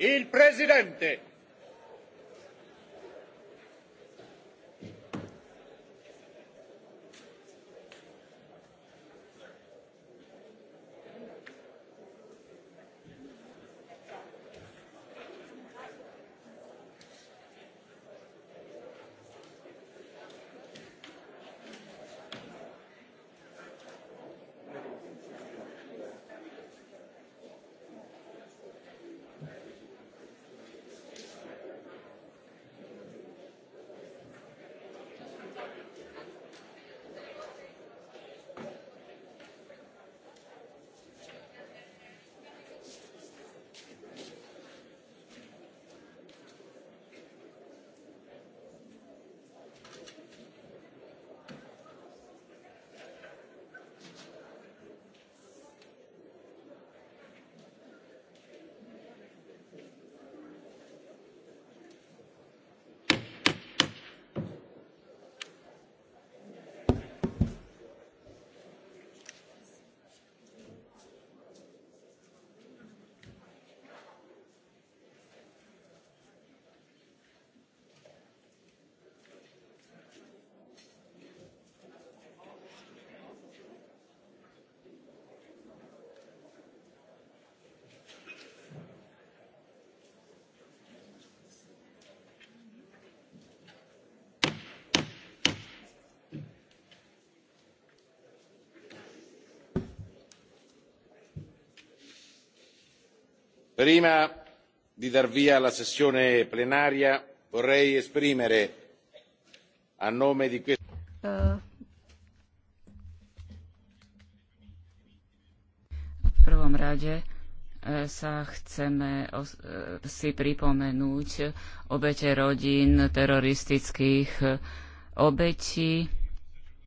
il presidente prima di dar via alla sessione plenaria vorrei esprimere a nome di questo eh, v prvom rade eh, sa chceme eh, si pripomenúť obete rodín teroristických obetí